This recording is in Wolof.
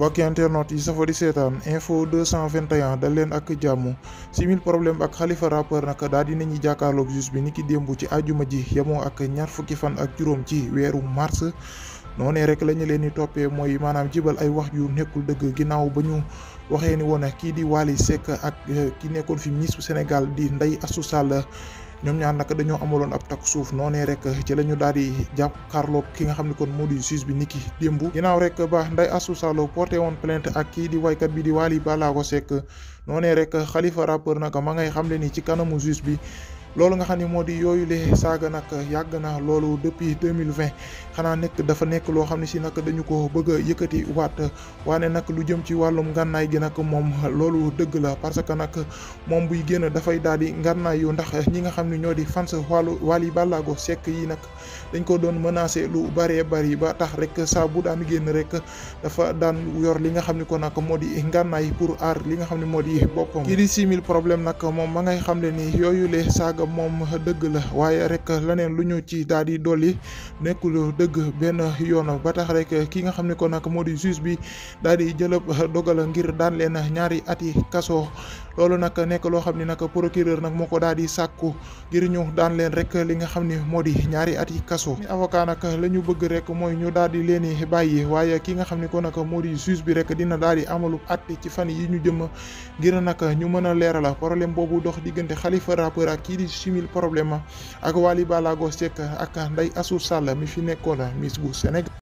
mbokki internet yi safo di seetaan info 221 dal leen ak jàmm si mille problème ak xalifa rappeur nag daal di nañu jàkkaarloog juge bi niki démb ci àjuma ji yemoo ak ñaar fukki fan ak juróom ci weeru mars noonee rek lañu ñu leen di toppee mooy maanaam jibal ay wax yu nekkul dëgg ginnaaw ba ñu waxee ni woon kii di Wally Seck ak ki nekkoon fi ministre bu di Ndeye Astou Sall ñoom ñaar nag dañoo amaloon ab takk suuf noonee rek ci la ñu daal di jàkkaarloog ki nga xam ne kon moo di juge bi niki démb ginnaaw rek ba Ndeye Assou Salo porté woon plainte ak kii di waykat bi di Wally Ballago Seck noonee rek Khalifa rappeur nag ma ngay xam le ni ci kanamu juge bi loolu nga xam ne moo di yooyu lee saaga nag yàgg na loolu depuis deux mille vingt xanaa nekk dafa nekk loo xam ne si nag dañu ko bëgg a yëkkati waat waane nag lu jëm ci wàllum ngànnaay gi nag moom loolu dëgg la parce que nag moom buy génn dafay daal di ngànnaay yu ndax ñi nga xam ne ñoo di fans wàllu Wally Ballago sekk yi nag dañ ko doon menacer lu bëree bëri ba tax rek saa bu daan génn rek dafa daan yor li nga xam ne ko nag moo di ngànnaay pour aar li nga xam ne moo di boppam kii di 6000 problème nag moom ma ngay xam le ni yooyu lee saaga moom dëgg la waaye rek leneen lu ñu ci daal di dolli nekkul dëgg benn yoon ba tax rek ki nga xam ne ko nag moo di juge bi daal di jëlëb dogal ngir daan leen ñaari ati kaso loolu nag nekk loo xam ne nag procureur nag moo ko daal di sàkku ngir ñu daan leen rek li nga xam ne moo di ñaari ati kaso avocat nag la ñu bëgg rek mooy ñu daal di leen bàyyi waaye ki nga xam ne ko moo di juge bi rek dina daal di amalu atte ci fan yi ñu jëm ngir nag ñu mën a leerala problème boobu dox diggante Khalifa rappeur ak kii di simil problème ak Wally Ballago Seck ak Ndeye Astou Sall mi fi nekkoon Miss bu Sénégal